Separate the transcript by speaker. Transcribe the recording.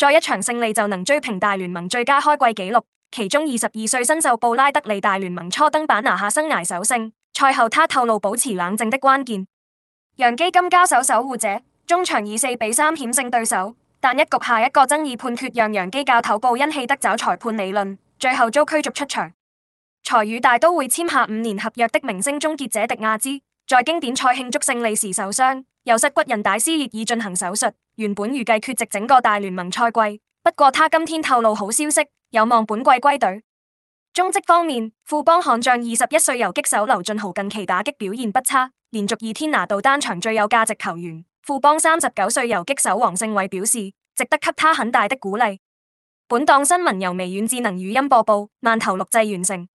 Speaker 1: 再一場勝利就能追平大聯盟最佳開季紀錄，其中二十二歲新秀布拉德利大聯盟初登板拿下生涯首勝。賽後他透露保持冷靜的關鍵。洋基今交手守護者終場以四比三險勝對手，但一局下一個爭議判決讓洋基教頭布恩氣得找裁判理論，最後遭驅逐出場。才與大都會簽下五年合約的明星終結者迪亞茲，在經典賽慶祝勝利時受傷，右膝骨韌帶撕裂而進行手術。原本預計缺席整個大聯盟賽季，不過他今天透露好消息，有望本季歸隊。中職方面，富邦悍將二十一歲游擊手劉俊豪近期打擊表現不差，連續二天拿到單場最有價值球員。富邦三十九歲游擊手王勝偉表示，值得給他很大的鼓勵。本檔新聞由微軟智能語音播報，慢頭錄製完成。